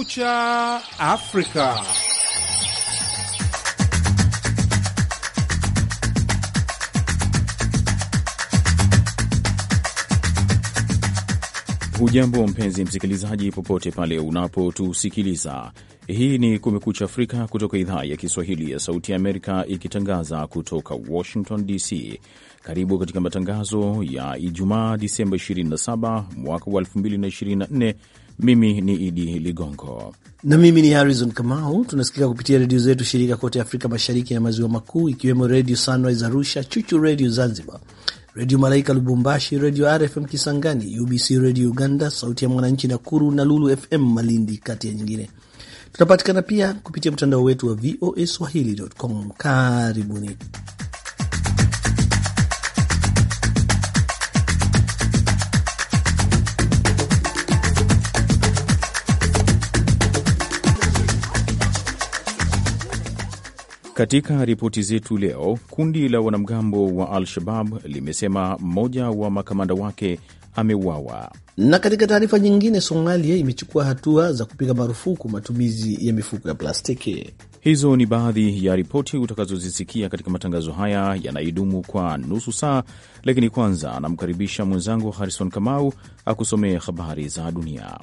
Kumekucha Afrika. Hujambo mpenzi msikilizaji, popote pale unapotusikiliza. Hii ni Kumekucha Afrika kutoka idhaa ya Kiswahili ya Sauti ya Amerika, ikitangaza kutoka Washington DC. Karibu katika matangazo ya Ijumaa, Disemba 27 mwaka wa 2024 mimi ni Idi Ligongo na mimi ni Harrison Kamau. Tunasikika kupitia redio zetu shirika kote Afrika Mashariki na Maziwa Makuu, ikiwemo Redio Sunrise Arusha, Chuchu Redio Zanzibar, Redio Malaika Lubumbashi, Redio RFM Kisangani, UBC Redio Uganda, Sauti ya Mwananchi Nakuru na Lulu FM Malindi, kati ya nyingine. Tunapatikana pia kupitia mtandao wetu wa VOA Swahili.com. Karibuni. Katika ripoti zetu leo, kundi la wanamgambo wa Al-Shabab limesema mmoja wa makamanda wake ameuawa. Na katika taarifa nyingine, Somalia imechukua hatua za kupiga marufuku matumizi ya mifuko ya plastiki. Hizo ni baadhi ya ripoti utakazozisikia katika matangazo haya yanayodumu kwa nusu saa, lakini kwanza anamkaribisha mwenzangu Harrison Kamau akusomee habari za dunia.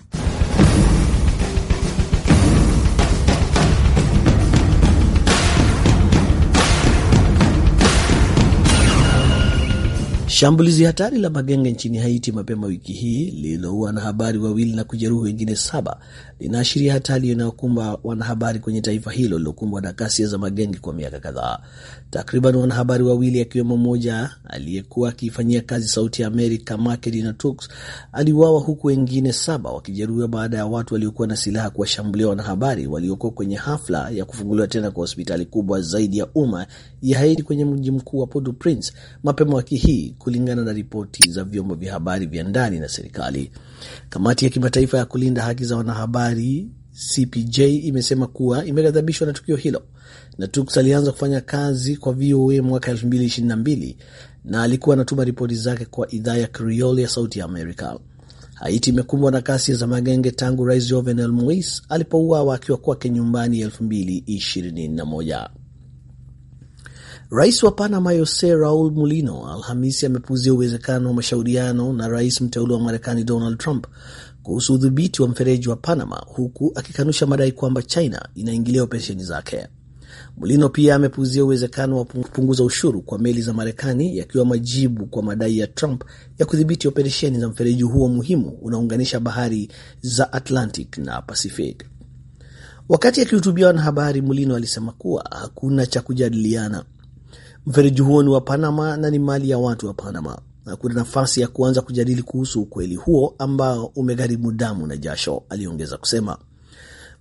Shambulizi hatari la magenge nchini Haiti mapema wiki hii lililoua wanahabari wawili na kujeruhi wengine saba linaashiria hatari inayokumba wanahabari kwenye taifa hilo lilokumbwa na ghasia za magenge kwa miaka kadhaa. Takriban wanahabari wawili akiwemo mmoja aliyekuwa akiifanyia kazi Sauti ya Amerika Markelina Tux aliuawa huku wengine saba wakijeruhiwa baada ya watu waliokuwa na silaha kuwashambulia wanahabari waliokuwa kwenye hafla ya kufunguliwa tena kwa hospitali kubwa zaidi ya umma ya Haiti kwenye mji mkuu wa Port-au-Prince mapema wiki hii, kulingana na ripoti za vyombo vya habari vya ndani na serikali. Kamati ya kimataifa ya kulinda haki za wanahabari CPJ imesema kuwa imeghadhabishwa na tukio hilo. Na Natux alianza kufanya kazi kwa VOA mwaka 2022 na alikuwa anatuma ripoti zake kwa idhaa ya Creole ya Sauti ya Amerika. Haiti imekumbwa na kasi za magenge tangu Rais Jovenel Mois alipouawa akiwa kwake nyumbani 2021. Rais wa Panama Jose Raul Mulino Alhamisi amepuzia uwezekano wa mashauriano na rais mteule wa Marekani Donald Trump kuhusu udhibiti wa mfereji wa Panama, huku akikanusha madai kwamba China inaingilia operesheni zake. Mulino pia amepuzia uwezekano wa kupunguza ushuru kwa meli za Marekani, yakiwa majibu kwa madai ya Trump ya kudhibiti operesheni za mfereji huo muhimu unaounganisha bahari za Atlantic na Pacific. Wakati akihutubia wanahabari, Mulino alisema kuwa hakuna cha kujadiliana Mfereji huo ni wa Panama na ni mali ya watu wa Panama, na kuna nafasi ya kuanza kujadili kuhusu ukweli huo ambao umegharimu damu na jasho, aliongeza kusema.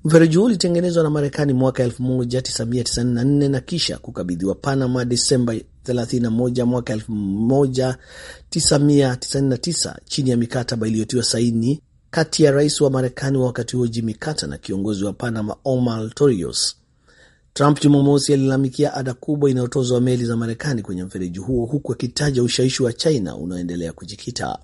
Mfereji huo ulitengenezwa na Marekani mwaka 1994 na kisha kukabidhiwa Panama Desemba 31 mwaka 1999 chini ya mikataba iliyotiwa saini kati ya rais wa Marekani wa wakati huo Jimmy Carter na kiongozi wa Panama Omar Torrijos. Trump Jumamosi alilalamikia ada kubwa inayotozwa meli za Marekani kwenye mfereji huo huku akitaja ushawishi wa China unaoendelea kujikita.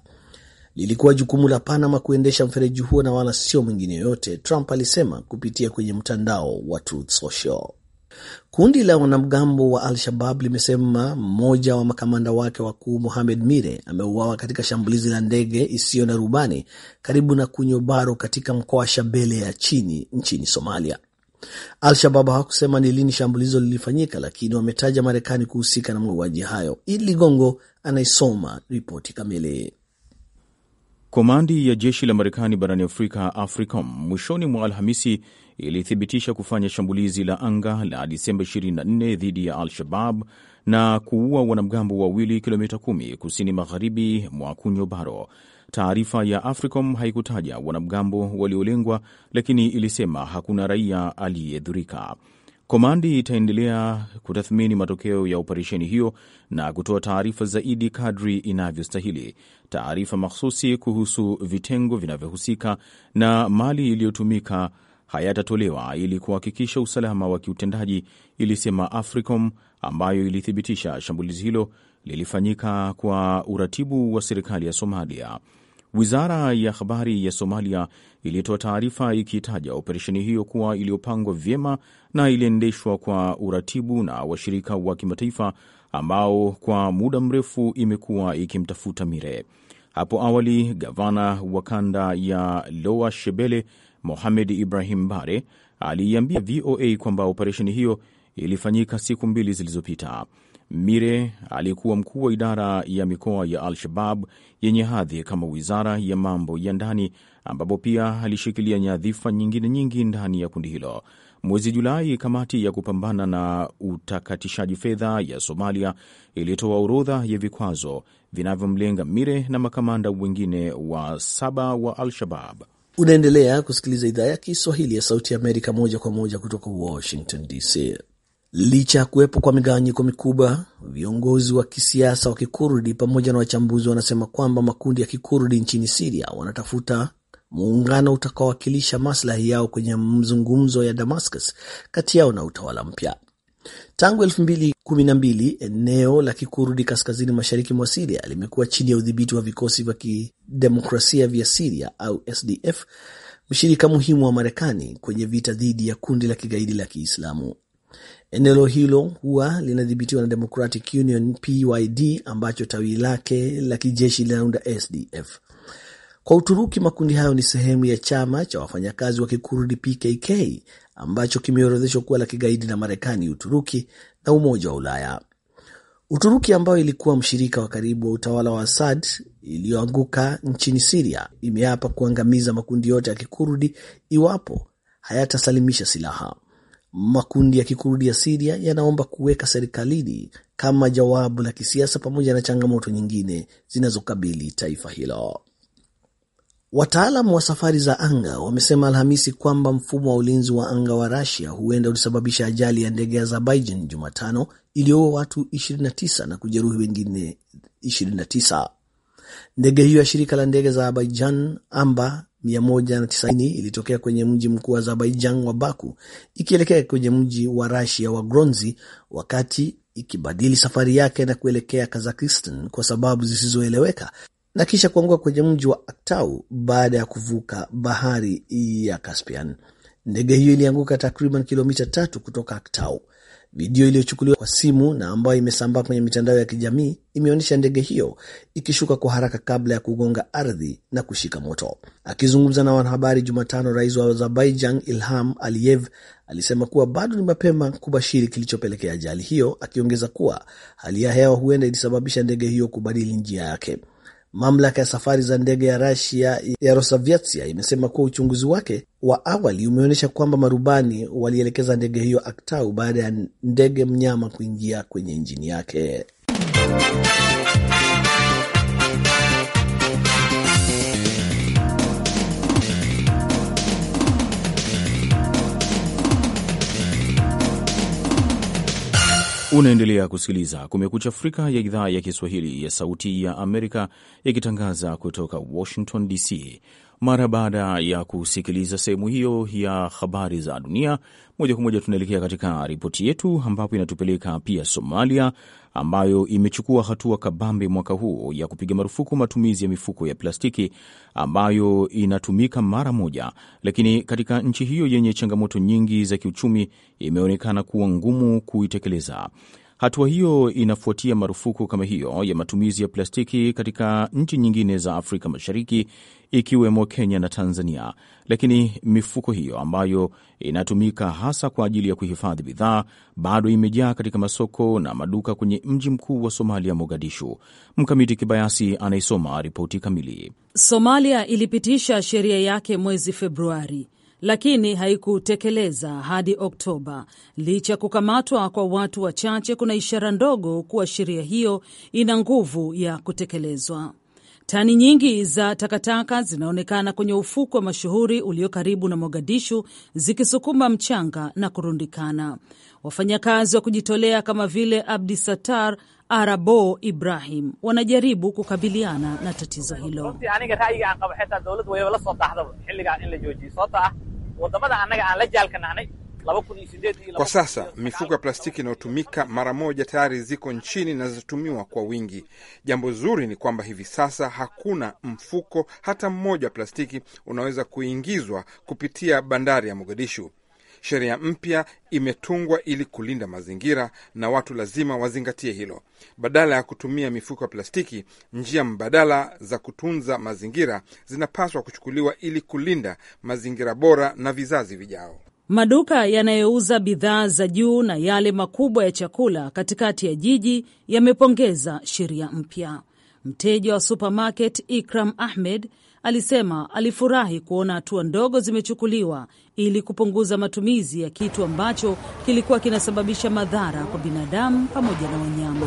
Lilikuwa jukumu la Panama kuendesha mfereji huo na wala sio mwingine yoyote, Trump alisema kupitia kwenye mtandao wa Truth Social. Kundi la wanamgambo wa Al-Shabab limesema mmoja wa makamanda wake wakuu Mohamed Mire ameuawa katika shambulizi la ndege isiyo na rubani karibu na Kunyobaro katika mkoa wa Shabele ya chini nchini Somalia. Al-Shabab hakusema ni lini shambulizo lilifanyika, lakini wametaja Marekani kuhusika na mauaji hayo. id Ligongo anaisoma ripoti kamili. Komandi ya jeshi la Marekani barani Afrika, AFRICOM, mwishoni mwa Alhamisi ilithibitisha kufanya shambulizi la anga la Disemba 24 dhidi ya Al-Shabab na kuua wanamgambo wawili kilomita 10 kusini magharibi mwa Kunyobaro, Taarifa ya AFRICOM haikutaja wanamgambo waliolengwa, lakini ilisema hakuna raia aliyedhurika. Komandi itaendelea kutathmini matokeo ya operesheni hiyo na kutoa taarifa zaidi kadri inavyostahili. Taarifa mahsusi kuhusu vitengo vinavyohusika na mali iliyotumika hayatatolewa ili kuhakikisha usalama wa kiutendaji, ilisema AFRICOM, ambayo ilithibitisha shambulizi hilo lilifanyika kwa uratibu wa serikali ya Somalia. Wizara ya habari ya Somalia ilitoa taarifa ikitaja operesheni hiyo kuwa iliyopangwa vyema na iliendeshwa kwa uratibu na washirika wa kimataifa ambao kwa muda mrefu imekuwa ikimtafuta Mire. Hapo awali, gavana wa kanda ya Loa Shebele Mohamed Ibrahim Bare aliiambia VOA kwamba operesheni hiyo ilifanyika siku mbili zilizopita. Mire aliyekuwa mkuu wa idara ya mikoa ya Al-Shabab yenye hadhi kama wizara ya mambo ya ndani, ambapo pia alishikilia nyadhifa nyingine nyingi ndani ya kundi hilo. Mwezi Julai, kamati ya kupambana na utakatishaji fedha ya Somalia ilitoa orodha ya vikwazo vinavyomlenga Mire na makamanda wengine wa saba wa Al-Shabab. Unaendelea kusikiliza idhaa ya Kiswahili ya Sauti ya Amerika moja kwa moja kutoka Washington DC. Licha ya kuwepo kwa migawanyiko mikubwa, viongozi wa kisiasa wa Kikurdi pamoja na wachambuzi wanasema kwamba makundi ya Kikurdi nchini Siria wanatafuta muungano utakaowakilisha maslahi yao kwenye mzungumzo ya Damascus kati yao na utawala mpya. Tangu 2012 eneo la Kikurdi kaskazini mashariki mwa Siria limekuwa chini ya udhibiti wa vikosi vya kidemokrasia vya Siria au SDF, mshirika muhimu wa Marekani kwenye vita dhidi ya kundi la kigaidi la Kiislamu. Eneo hilo huwa linadhibitiwa na Democratic Union PYD ambacho tawi lake la kijeshi linaunda SDF. Kwa Uturuki, makundi hayo ni sehemu ya chama cha wafanyakazi wa kikurdi PKK ambacho kimeorodheshwa kuwa la kigaidi na Marekani, Uturuki na Umoja wa Ulaya. Uturuki ambayo ilikuwa mshirika wa karibu wa utawala wa Assad iliyoanguka nchini Siria imeapa kuangamiza makundi yote ya kikurdi iwapo hayatasalimisha silaha. Makundi ya Kikurdi ya Syria yanaomba kuweka serikalini kama jawabu la kisiasa pamoja na changamoto nyingine zinazokabili taifa hilo. Wataalam wa safari za anga wamesema Alhamisi kwamba mfumo wa ulinzi wa anga wa Russia huenda ulisababisha ajali ya ndege ya Azerbaijan Jumatano iliyoua watu 29 na kujeruhi wengine 29. Ndege hiyo ya shirika la ndege za Azerbaijan amba 190 ilitokea kwenye mji mkuu wa Azerbaijan wa Baku ikielekea kwenye mji wa Rasia wa Gronzi wakati ikibadili safari yake na kuelekea Kazakhstan kwa sababu zisizoeleweka na kisha kuanguka kwenye mji wa Aktau baada ya kuvuka bahari ya Caspian. Ndege hiyo ilianguka takriban kilomita tatu kutoka Aktau. Video iliyochukuliwa kwa simu na ambayo imesambaa kwenye mitandao ya kijamii imeonyesha ndege hiyo ikishuka kwa haraka kabla ya kugonga ardhi na kushika moto. Akizungumza na wanahabari Jumatano, rais wa Azerbaijan Ilham Aliyev alisema kuwa bado ni mapema kubashiri kilichopelekea ajali hiyo, akiongeza kuwa hali ya hewa huenda ilisababisha ndege hiyo kubadili njia yake. Mamlaka ya safari za ndege ya Rasia ya Rosaviatsia imesema kuwa uchunguzi wake wa awali umeonyesha kwamba marubani walielekeza ndege hiyo Aktau baada ya ndege mnyama kuingia kwenye injini yake. Unaendelea kusikiliza Kumekucha Afrika ya idhaa ya Kiswahili ya Sauti ya Amerika ikitangaza kutoka Washington DC. Mara baada ya kusikiliza sehemu hiyo ya habari za dunia, moja kwa moja tunaelekea katika ripoti yetu, ambapo inatupeleka pia Somalia, ambayo imechukua hatua kabambe mwaka huu ya kupiga marufuku matumizi ya mifuko ya plastiki ambayo inatumika mara moja, lakini katika nchi hiyo yenye changamoto nyingi za kiuchumi imeonekana kuwa ngumu kuitekeleza. Hatua hiyo inafuatia marufuku kama hiyo ya matumizi ya plastiki katika nchi nyingine za Afrika Mashariki ikiwemo Kenya na Tanzania, lakini mifuko hiyo ambayo inatumika hasa kwa ajili ya kuhifadhi bidhaa bado imejaa katika masoko na maduka kwenye mji mkuu wa Somalia, Mogadishu. Mkamiti Kibayasi anaisoma ripoti kamili. Somalia ilipitisha sheria yake mwezi Februari lakini haikutekeleza hadi Oktoba licha ya kukamatwa kwa watu wachache. Kuna ishara ndogo kuwa sheria hiyo ina nguvu ya kutekelezwa. Tani nyingi za takataka zinaonekana kwenye ufukwe mashuhuri ulio karibu na Mogadishu zikisukuma mchanga na kurundikana. Wafanyakazi wa kujitolea kama vile abdi satar Arabo Ibrahim wanajaribu kukabiliana na tatizo hilo. Yaani, kwa sasa mifuko ya plastiki inayotumika mara moja tayari ziko nchini na zinatumiwa kwa wingi. Jambo zuri ni kwamba hivi sasa hakuna mfuko hata mmoja wa plastiki unaweza kuingizwa kupitia bandari ya Mogadishu. Sheria mpya imetungwa ili kulinda mazingira na watu lazima wazingatie hilo. Badala ya kutumia mifuko ya plastiki, njia mbadala za kutunza mazingira zinapaswa kuchukuliwa ili kulinda mazingira bora na vizazi vijao. Maduka yanayouza bidhaa za juu na yale makubwa ya chakula katikati ya jiji yamepongeza sheria mpya. Mteja wa supermarket Ikram Ahmed alisema alifurahi kuona hatua ndogo zimechukuliwa ili kupunguza matumizi ya kitu ambacho kilikuwa kinasababisha madhara kwa binadamu pamoja na wanyama.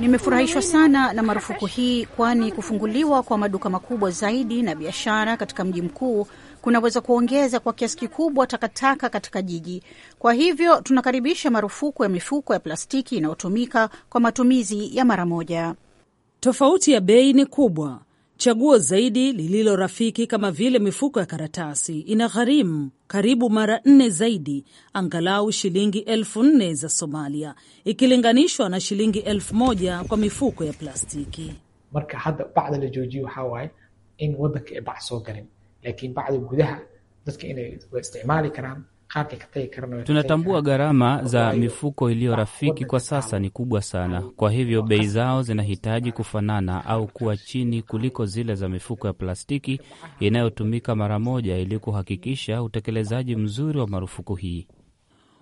Nimefurahishwa sana na marufuku hii, kwani kufunguliwa kwa maduka makubwa zaidi na biashara katika mji mkuu kunaweza kuongeza kwa kiasi kikubwa takataka katika jiji. Kwa hivyo tunakaribisha marufuku ya mifuko ya plastiki inayotumika kwa matumizi ya mara moja. Tofauti ya bei ni kubwa. Chaguo zaidi lililo rafiki kama vile mifuko ya karatasi ina gharimu karibu mara nne zaidi, angalau shilingi elfu nne za Somalia ikilinganishwa na shilingi elfu moja kwa mifuko ya plastiki. marka hadda bacda la joojiyo waxaa waaye in wadaka ee soo galin lakini bacdi gudaha dadka inay isticmaali karaan Tunatambua gharama za mifuko iliyo rafiki kwa sasa ni kubwa sana, kwa hivyo bei zao zinahitaji kufanana au kuwa chini kuliko zile za mifuko ya plastiki inayotumika mara moja, ili kuhakikisha utekelezaji mzuri wa marufuku hii.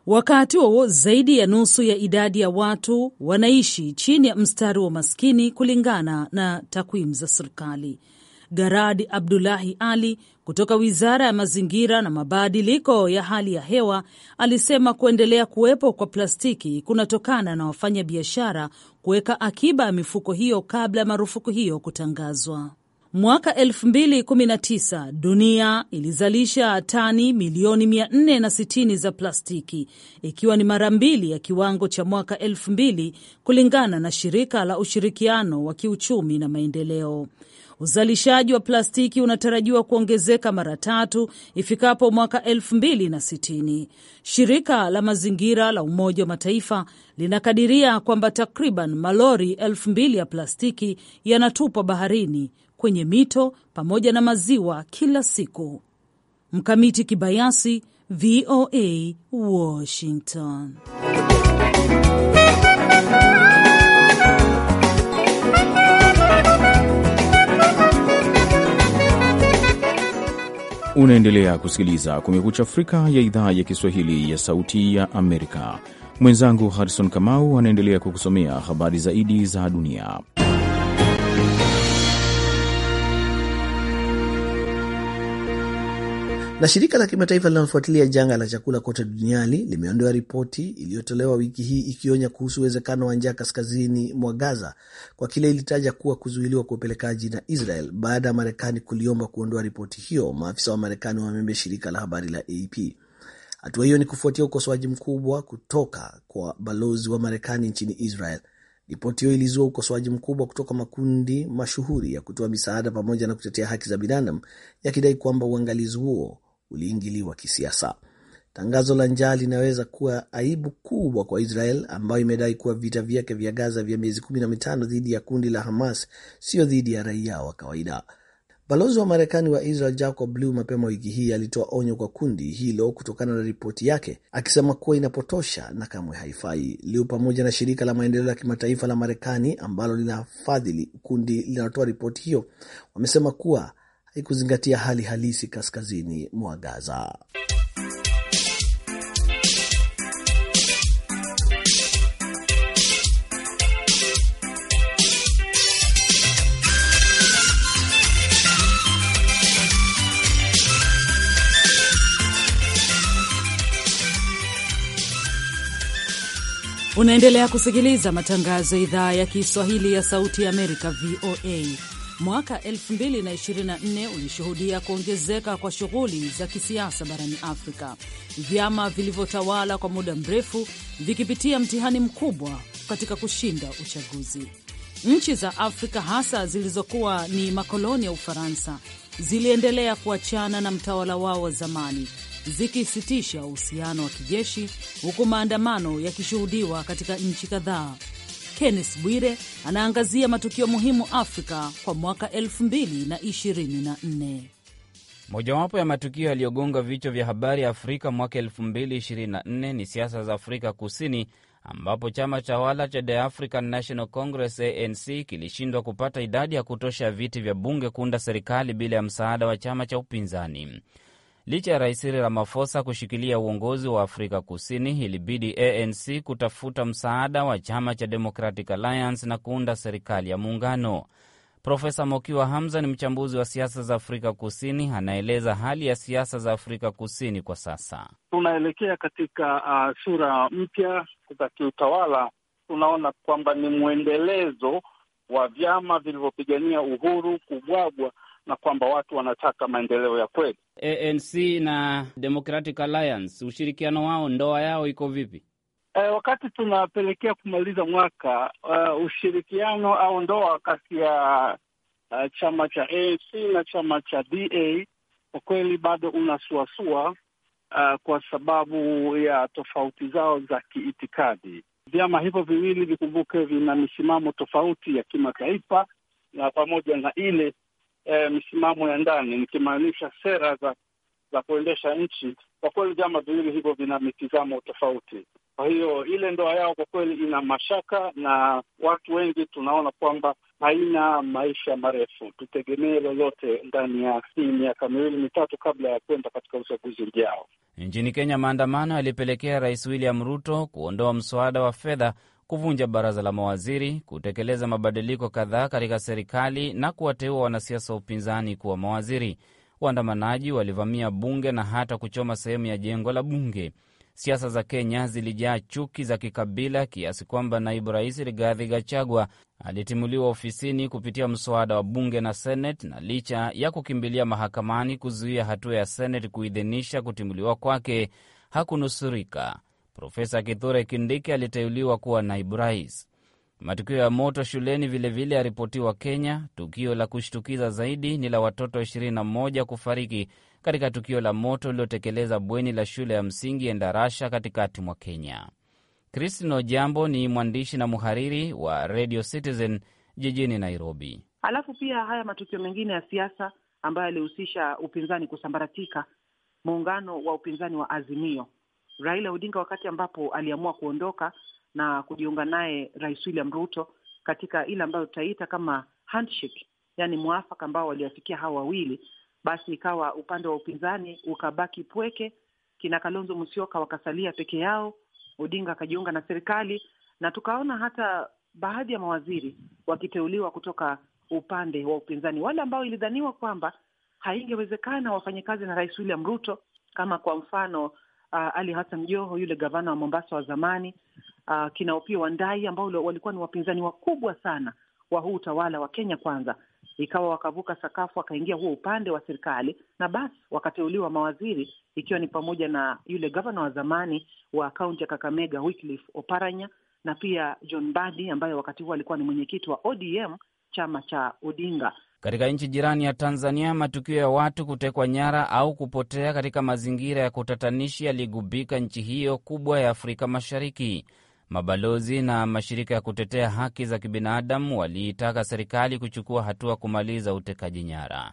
Wakati huo zaidi ya nusu ya idadi ya watu wanaishi chini ya mstari wa maskini kulingana na takwimu za serikali. Garad Abdulahi Ali kutoka Wizara ya Mazingira na Mabadiliko ya Hali ya Hewa alisema kuendelea kuwepo kwa plastiki kunatokana na wafanyabiashara kuweka akiba ya mifuko hiyo kabla ya marufuku hiyo kutangazwa. Mwaka 2019 dunia ilizalisha tani milioni 460 za plastiki, ikiwa ni mara mbili ya kiwango cha mwaka 2000 kulingana na shirika la ushirikiano wa kiuchumi na maendeleo. Uzalishaji wa plastiki unatarajiwa kuongezeka mara tatu ifikapo mwaka elfu mbili na sitini. Shirika la mazingira la Umoja wa Mataifa linakadiria kwamba takriban malori elfu mbili ya plastiki yanatupwa baharini, kwenye mito pamoja na maziwa kila siku. Mkamiti Kibayasi, VOA, Washington. Unaendelea kusikiliza Kumekucha Afrika ya idhaa ya Kiswahili ya Sauti ya Amerika. Mwenzangu Harrison Kamau anaendelea kukusomea habari zaidi za dunia. Na shirika la kimataifa linalofuatilia janga la chakula kote duniani limeondoa ripoti iliyotolewa wiki hii ikionya kuhusu uwezekano wa njaa kaskazini mwa Gaza kwa kile ilitaja kuwa kuzuiliwa kwa upelekaji na Israel baada ya Marekani kuliomba kuondoa ripoti hiyo, maafisa wa Marekani wameambia shirika la habari la AP. Hatua hiyo ni kufuatia ukosoaji mkubwa kutoka kwa balozi wa Marekani nchini Israel. Ripoti hiyo ilizua ukosoaji mkubwa kutoka makundi mashuhuri ya kutoa misaada pamoja na kutetea haki za binadamu yakidai kwamba uangalizi huo uliingiliwa kisiasa. Tangazo la njaa linaweza kuwa aibu kubwa kwa Israel ambayo imedai kuwa vita vyake vya Gaza vya miezi kumi na mitano dhidi ya kundi la Hamas sio dhidi ya raia wa kawaida. Balozi wa Marekani wa Israel Jacob Blue mapema wiki hii alitoa onyo kwa kundi hilo kutokana na ripoti yake akisema kuwa inapotosha na kamwe haifai. Liu pamoja na shirika la maendeleo ya kimataifa la Marekani ambalo linafadhili kundi linalotoa ripoti hiyo wamesema kuwa haikuzingatia hali halisi kaskazini mwa Gaza. Unaendelea kusikiliza matangazo ya idhaa ya Kiswahili ya Sauti ya Amerika, VOA. Mwaka 2024 ulishuhudia kuongezeka kwa shughuli za kisiasa barani Afrika, vyama vilivyotawala kwa muda mrefu vikipitia mtihani mkubwa katika kushinda uchaguzi. Nchi za Afrika hasa zilizokuwa ni makoloni ya Ufaransa ziliendelea kuachana na mtawala wao wa zamani zikisitisha uhusiano wa kijeshi, huku maandamano yakishuhudiwa katika nchi kadhaa Kennes Bwire anaangazia matukio muhimu Afrika kwa mwaka 2024. Mojawapo ya matukio yaliyogonga vichwa vya habari ya Afrika mwaka 2024 ni siasa za Afrika Kusini, ambapo chama tawala cha The African National Congress ANC kilishindwa kupata idadi ya kutosha ya viti vya bunge kuunda serikali bila ya msaada wa chama cha upinzani. Licha ya Rais ramafosa Ramaphosa kushikilia uongozi wa Afrika Kusini, ilibidi ANC kutafuta msaada wa chama cha Democratic Alliance na kuunda serikali ya muungano. Profesa Mokiwa Hamza ni mchambuzi wa siasa za Afrika Kusini, anaeleza hali ya siasa za Afrika Kusini kwa sasa. Tunaelekea katika uh, sura mpya za kiutawala. Tunaona kwamba ni mwendelezo wa vyama vilivyopigania uhuru kubwagwa na kwamba watu wanataka maendeleo ya kweli. ANC na Democratic Alliance, ushirikiano wao, ndoa yao iko vipi? E, wakati tunapelekea kumaliza mwaka uh, ushirikiano au ndoa kati ya uh, chama cha ANC na chama cha DA kwa kweli bado unasuasua uh, kwa sababu ya tofauti zao za kiitikadi. Vyama hivyo viwili vikumbuke, vina misimamo tofauti ya kimataifa na pamoja na ile e, eh, misimamo ya ndani, nikimaanisha sera za za kuendesha nchi. Kwa kweli vyama viwili hivyo vina mitizamo tofauti, kwa hiyo ile ndoa yao kwa kweli ina mashaka, na watu wengi tunaona kwamba haina maisha marefu. Tutegemee lolote ndani ya hii miaka miwili mitatu kabla ya kwenda katika uchaguzi ujao. Nchini Kenya, maandamano yalipelekea Rais William Ruto kuondoa mswada wa fedha kuvunja baraza la mawaziri, kutekeleza mabadiliko kadhaa katika serikali na kuwateua wanasiasa wa upinzani kuwa mawaziri. Waandamanaji walivamia bunge na hata kuchoma sehemu ya jengo la bunge. Siasa za Kenya zilijaa chuki za kikabila kiasi kwamba naibu rais Rigathi Gachagua alitimuliwa ofisini kupitia mswada wa bunge na Seneti, na licha ya kukimbilia mahakamani kuzuia hatua ya Seneti kuidhinisha kutimuliwa kwake hakunusurika. Profesa Kithure kindiki aliteuliwa kuwa naibu rais. Matukio ya moto shuleni vilevile yaripotiwa Kenya. Tukio la kushtukiza zaidi ni la watoto 21 kufariki katika tukio la moto uliotekeleza bweni la shule ya msingi Endarasha katikati mwa Kenya. Christine Ojambo ni mwandishi na mhariri wa Radio Citizen jijini Nairobi. Alafu pia haya matukio mengine ya siasa ambayo yalihusisha upinzani kusambaratika, muungano wa upinzani wa Azimio Raila Odinga wakati ambapo aliamua kuondoka na kujiunga naye Rais William Ruto katika ile ambayo tutaita kama handshake, yani mwafaka ambao waliwafikia hawa wawili, basi ikawa upande wa upinzani ukabaki pweke, kina Kalonzo Musyoka wakasalia peke yao, Odinga akajiunga na serikali, na tukaona hata baadhi ya mawaziri wakiteuliwa kutoka upande wa upinzani, wale ambao ilidhaniwa kwamba haingewezekana wafanye kazi na Rais William Ruto, kama kwa mfano uh, Ali Hassan Joho, yule gavana wa Mombasa wa zamani, uh, kina Opiyo Wandai ambao walikuwa ni wapinzani wakubwa sana wa huu utawala wa Kenya Kwanza, ikawa wakavuka sakafu wakaingia huo upande wa serikali, na basi wakateuliwa mawaziri, ikiwa ni pamoja na yule gavana wa zamani wa kaunti ya Kakamega Wycliffe Oparanya na pia John badi ambaye wakati huo alikuwa ni mwenyekiti wa ODM chama cha Odinga. Katika nchi jirani ya Tanzania, matukio ya watu kutekwa nyara au kupotea katika mazingira ya kutatanishi yaligubika nchi hiyo kubwa ya Afrika Mashariki. Mabalozi na mashirika ya kutetea haki za kibinadamu waliitaka serikali kuchukua hatua kumaliza utekaji nyara.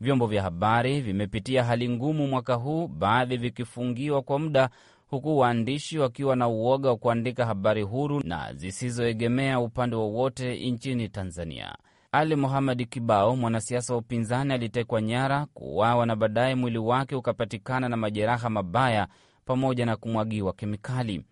Vyombo vya habari vimepitia hali ngumu mwaka huu, baadhi vikifungiwa kwa muda, huku waandishi wakiwa na uoga wa kuandika habari huru na zisizoegemea upande wowote nchini Tanzania. Ali muhamadi Kibao, mwanasiasa wa upinzani alitekwa nyara, kuuawa na baadaye mwili wake ukapatikana na majeraha mabaya pamoja na kumwagiwa kemikali.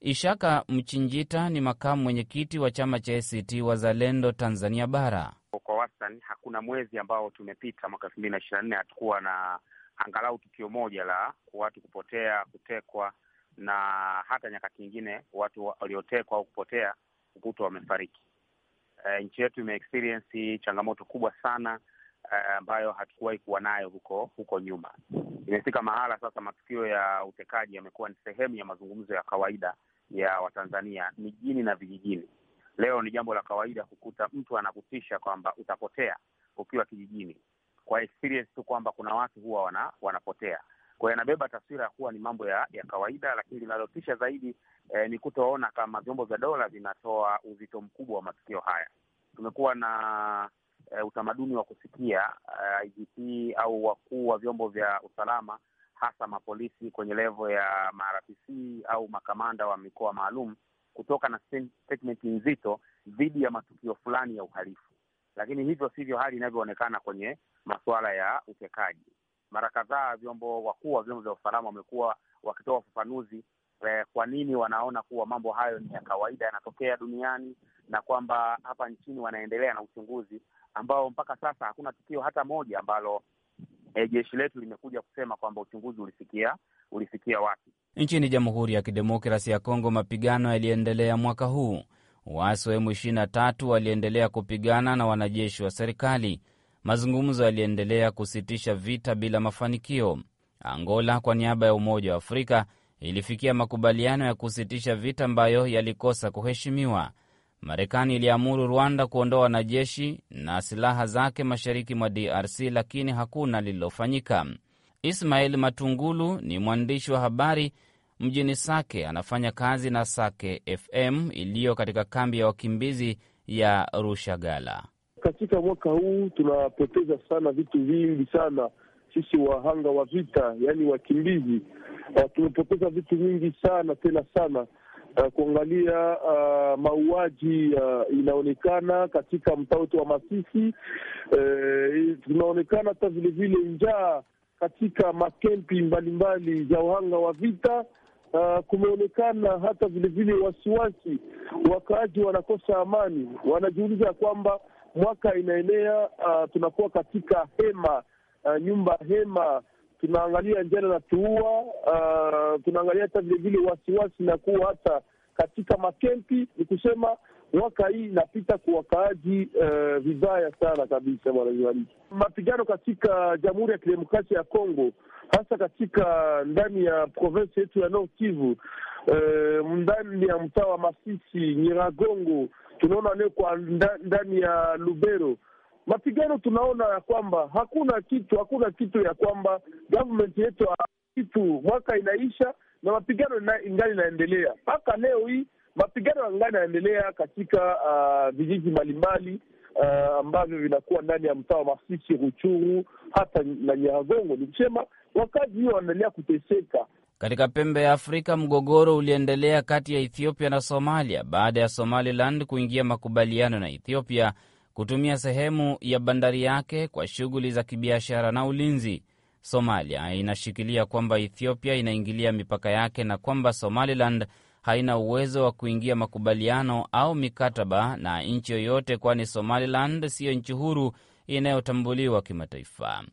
Ishaka Mchinjita ni makamu mwenyekiti wa chama cha ACT Wazalendo Tanzania Bara. Kwa wastani hakuna mwezi ambao tumepita mwaka elfu mbili na ishirini na nne hatukuwa na angalau tukio moja la watu kupotea, kutekwa na hata nyakati nyingine watu waliotekwa au kupotea kukutwa wamefariki uh, nchi yetu imeexperience changamoto kubwa sana eh, ambayo hatukuwahi kuwa nayo huko huko nyuma. Imefika mahala sasa matukio ya utekaji yamekuwa ni sehemu ya mazungumzo ya kawaida ya Watanzania mijini na vijijini. Leo ni jambo la kawaida kukuta mtu anakutisha kwamba utapotea ukiwa kijijini, kwa experience tu kwamba kuna watu huwa wana, wanapotea kwao yanabeba taswira ya kuwa ni mambo ya, ya kawaida, lakini linalotisha zaidi eh, ni kutoona kama vyombo vya dola vinatoa uzito mkubwa wa matukio haya. Tumekuwa na eh, utamaduni wa kusikia eh, IGP au wakuu wa vyombo vya usalama hasa mapolisi kwenye levo ya marafc au makamanda wa mikoa maalum kutoka na statement nzito dhidi ya matukio fulani ya uhalifu, lakini hivyo sivyo hali inavyoonekana kwenye masuala ya utekaji mara kadhaa vyombo wakuu wa vyombo vya usalama wamekuwa wakitoa ufafanuzi eh, kwa nini wanaona kuwa mambo hayo ni ya kawaida yanatokea duniani na kwamba hapa nchini wanaendelea na uchunguzi ambao mpaka sasa hakuna tukio hata moja ambalo eh, jeshi letu limekuja kusema kwamba uchunguzi ulifikia ulifikia wapi. Nchini Jamhuri ya Kidemokrasi ya Kongo mapigano yaliendelea mwaka huu. Waasi wa na tatu waliendelea kupigana na wanajeshi wa serikali. Mazungumzo yaliendelea kusitisha vita bila mafanikio. Angola kwa niaba ya Umoja wa Afrika ilifikia makubaliano ya kusitisha vita ambayo yalikosa kuheshimiwa. Marekani iliamuru Rwanda kuondoa wanajeshi na silaha zake mashariki mwa DRC, lakini hakuna lililofanyika. ismael Matungulu ni mwandishi wa habari mjini Sake, anafanya kazi na Sake FM iliyo katika kambi ya wakimbizi ya Rushagala katika mwaka huu tunapoteza sana vitu vingi sana sisi wahanga wa vita, yaani wakimbizi. Uh, tumepoteza vitu vingi sana tena sana. Uh, kuangalia uh, mauaji uh, inaonekana katika mtaa wetu wa Masisi. Uh, tunaonekana hata vilevile njaa katika makempi mbalimbali za wahanga wa vita. Uh, kumeonekana hata vilevile wasiwasi, wakaaji wanakosa amani, wanajiuliza kwamba mwaka inaenea, uh, tunakuwa katika hema uh, nyumba hema, tunaangalia njana na tuua uh, tunaangalia hata vilevile wasiwasi na kuwa hata katika makempi. Ni kusema mwaka hii inapita kwa wakaaji uh, vibaya sana kabisa, bwana. Mapigano katika Jamhuri ya Kidemokrasia ya Kongo, hasa katika ndani ya provensi yetu ya Nord Kivu, uh, ndani ya mtaa wa Masisi, Nyiragongo tunaona leo kwa ndani ya Lubero mapigano, tunaona ya kwamba hakuna kitu, hakuna kitu ya kwamba government yetu kitu, mwaka inaisha na mapigano ingali inaendelea mpaka leo hii. Mapigano yangani inaendelea katika uh, vijiji mbalimbali uh, ambavyo vinakuwa ndani ya mtaa wa Masisi, Ruchuru hata na Nyiragongo. Ni kusema wakazi hiyo wanaendelea kuteseka katika pembe ya Afrika, mgogoro uliendelea kati ya Ethiopia na Somalia baada ya Somaliland kuingia makubaliano na Ethiopia kutumia sehemu ya bandari yake kwa shughuli za kibiashara na ulinzi. Somalia inashikilia kwamba Ethiopia inaingilia mipaka yake na kwamba Somaliland haina uwezo wa kuingia makubaliano au mikataba na nchi yoyote, kwani Somaliland siyo nchi huru inayotambuliwa kimataifa.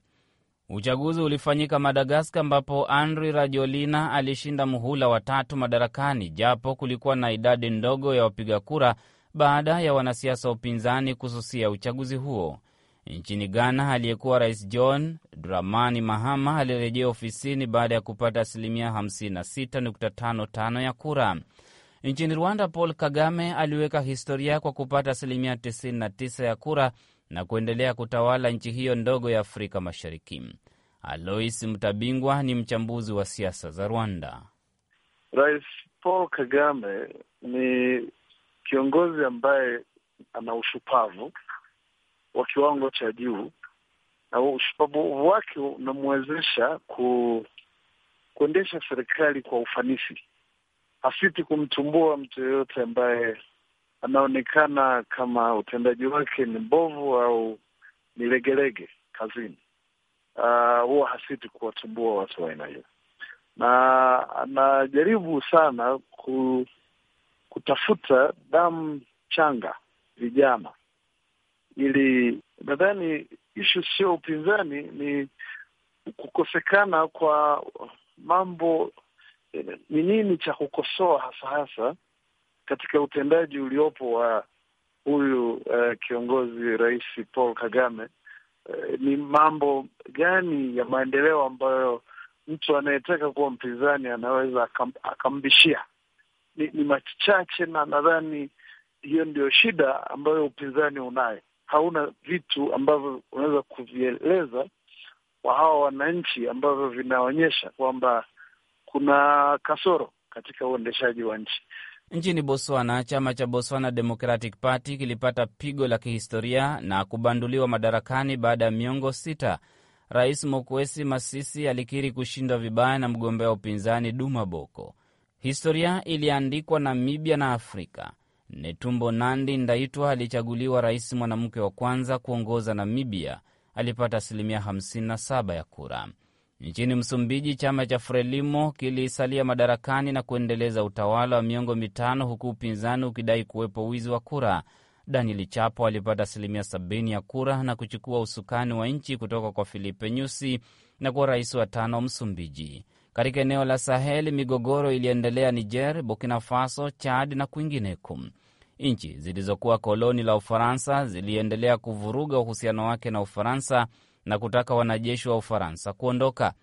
Uchaguzi ulifanyika madagaskar ambapo Andry Rajoelina alishinda muhula wa tatu madarakani, japo kulikuwa na idadi ndogo ya wapiga kura baada ya wanasiasa wa upinzani kususia uchaguzi huo. Nchini Ghana, aliyekuwa rais John Dramani Mahama alirejea ofisini baada ya kupata asilimia 56.55 ya kura. Nchini Rwanda, Paul Kagame aliweka historia kwa kupata asilimia 99 ya kura na kuendelea kutawala nchi hiyo ndogo ya Afrika Mashariki. Alois Mtabingwa ni mchambuzi wa siasa za Rwanda. Rais Paul Kagame ni kiongozi ambaye ana ushupavu wa kiwango cha juu, na ushupavu wake unamwezesha ku, kuendesha serikali kwa ufanisi, hasiti kumtumbua mtu yoyote ambaye anaonekana kama utendaji wake ni mbovu au ni legelege kazini, uh, huwa hasiti kuwatumbua watu wa aina hiyo, na anajaribu sana ku, kutafuta damu changa vijana, ili nadhani ishu sio upinzani, ni kukosekana kwa mambo, eh, ni nini cha kukosoa hasa hasa katika utendaji uliopo wa huyu uh, kiongozi Rais Paul Kagame uh, ni mambo gani ya maendeleo ambayo mtu anayetaka kuwa mpinzani anaweza akam, akambishia? Ni, ni machache, na nadhani hiyo ndio shida ambayo upinzani unayo. Hauna vitu ambavyo unaweza kuvieleza kwa hawa wananchi ambavyo vinaonyesha kwamba kuna kasoro katika uendeshaji wa nchi. Nchini Botswana, chama cha Botswana Democratic Party kilipata pigo la kihistoria na kubanduliwa madarakani baada ya miongo sita. Rais Mokwesi Masisi alikiri kushindwa vibaya na mgombea wa upinzani Duma Boko. Historia iliandikwa Namibia na Afrika. Netumbo Nandi Ndaitwa alichaguliwa rais mwanamke wa kwanza kuongoza Namibia, alipata asilimia 57 ya kura. Nchini Msumbiji, chama cha Frelimo kilisalia madarakani na kuendeleza utawala wa miongo mitano, huku upinzani ukidai kuwepo wizi wa kura. Daniel Chapo alipata asilimia 70 ya kura na kuchukua usukani wa nchi kutoka kwa Filipe Nyusi na kuwa rais wa tano wa Msumbiji. Katika eneo la Sahel, migogoro iliendelea Niger, Burkina Faso, Chad na kwingineko. Nchi zilizokuwa koloni la Ufaransa ziliendelea kuvuruga uhusiano wake na Ufaransa na kutaka wanajeshi wa Ufaransa kuondoka.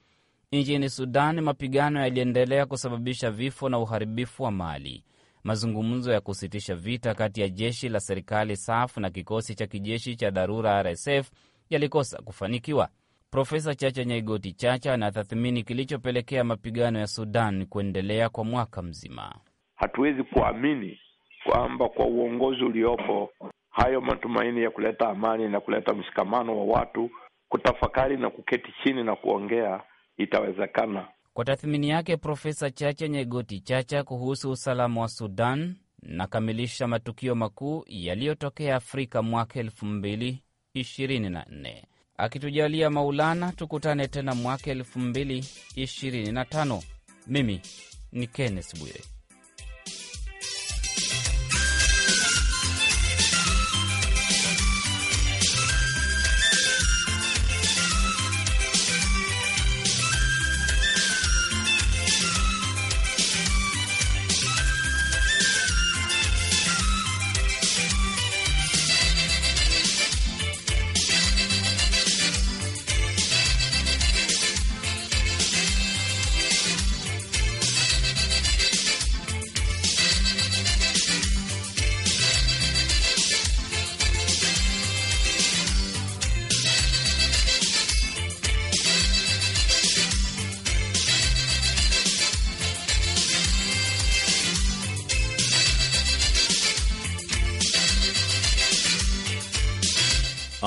Nchini Sudan, mapigano yaliendelea kusababisha vifo na uharibifu wa mali. Mazungumzo ya kusitisha vita kati ya jeshi la serikali SAF na kikosi cha kijeshi cha dharura RSF yalikosa kufanikiwa. Profesa Chacha Nyaigoti Chacha anatathmini kilichopelekea mapigano ya Sudan kuendelea kwa mwaka mzima. Hatuwezi kuamini kwamba kwa uongozi uliopo hayo matumaini ya kuleta amani na kuleta mshikamano wa watu kutafakari na kuketi chini na kuongea itawezekana. Kwa tathmini yake, Profesa Chacha Nyegoti Chacha kuhusu usalama wa Sudan nakamilisha matukio makuu yaliyotokea Afrika mwaka elfu mbili ishirini na nne. Akitujalia Maulana, tukutane tena mwaka elfu mbili ishirini na tano. Mimi ni Kenneth Bwire.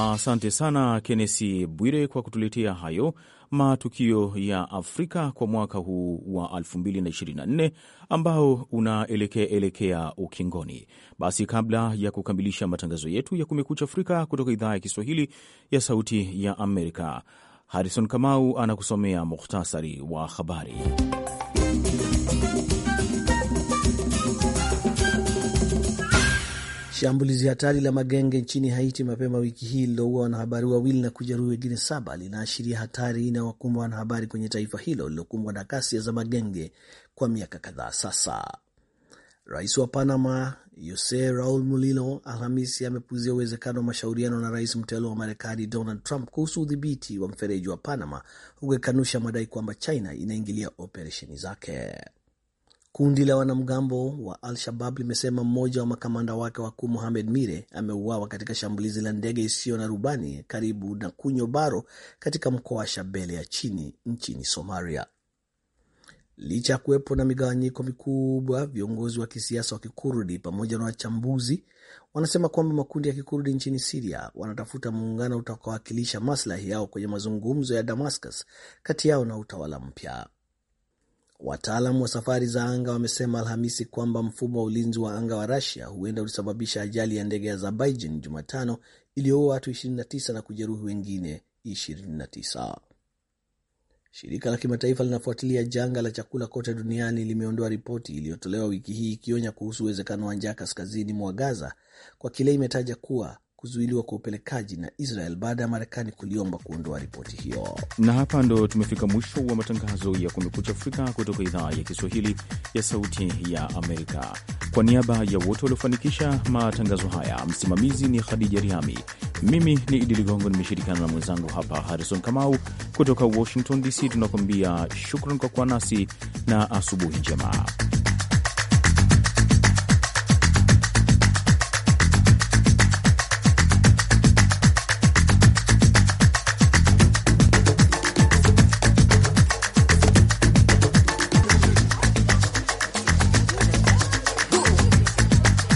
Asante sana Kennesi Bwire kwa kutuletea hayo matukio ya Afrika kwa mwaka huu wa 2024 ambao unaelekea elekea ukingoni. Basi kabla ya kukamilisha matangazo yetu ya Kumekucha Afrika kutoka idhaa ya Kiswahili ya Sauti ya Amerika, Harrison Kamau anakusomea muhtasari wa habari. Shambulizi hatari la magenge nchini Haiti mapema wiki hii lililoua wanahabari wawili na kujeruhi wengine saba linaashiria hatari inayowakumba wanahabari kwenye taifa hilo lililokumbwa na ghasia za magenge kwa miaka kadhaa sasa. Rais wa Panama Jose Raul Mulino Alhamisi amepuzia uwezekano wa mashauriano na rais mteule wa Marekani Donald Trump kuhusu udhibiti wa mfereji wa Panama, huku madai kwamba China inaingilia operesheni zake. Kundi la wanamgambo wa Al-Shabab limesema mmoja wa makamanda wake wakuu Mohamed Mire ameuawa katika shambulizi la ndege isiyo na rubani karibu na Kunyo Baro katika mkoa wa Shabele ya chini nchini Somalia. Licha ya kuwepo na migawanyiko mikubwa, viongozi wa kisiasa wa Kikurdi pamoja na wachambuzi wanasema kwamba makundi ya Kikurdi nchini Siria wanatafuta muungano utakaowakilisha maslahi yao kwenye mazungumzo ya Damascus kati yao na utawala mpya. Wataalam wa safari za anga wamesema Alhamisi kwamba mfumo wa ulinzi wa anga wa rasia huenda ulisababisha ajali ya ndege ya Azerbaijan Jumatano iliyoua watu 29 na kujeruhi wengine 29. Shirika la kimataifa linafuatilia janga la chakula kote duniani limeondoa ripoti iliyotolewa wiki hii ikionya kuhusu uwezekano wa njaa kaskazini mwa Gaza kwa kile imetaja kuwa kuzuiliwa kwa upelekaji na Israel baada ya Marekani kuliomba kuondoa ripoti hiyo. Na hapa ndo tumefika mwisho wa matangazo ya Kumekucha Afrika kutoka idhaa ya Kiswahili ya Sauti ya Amerika. Kwa niaba ya wote waliofanikisha matangazo haya, msimamizi ni Khadija riami mimi ni Idi Ligongo, nimeshirikiana na mwenzangu hapa Harrison Kamau kutoka Washington DC. Tunakuambia shukran kwa kuwa nasi na asubuhi njema.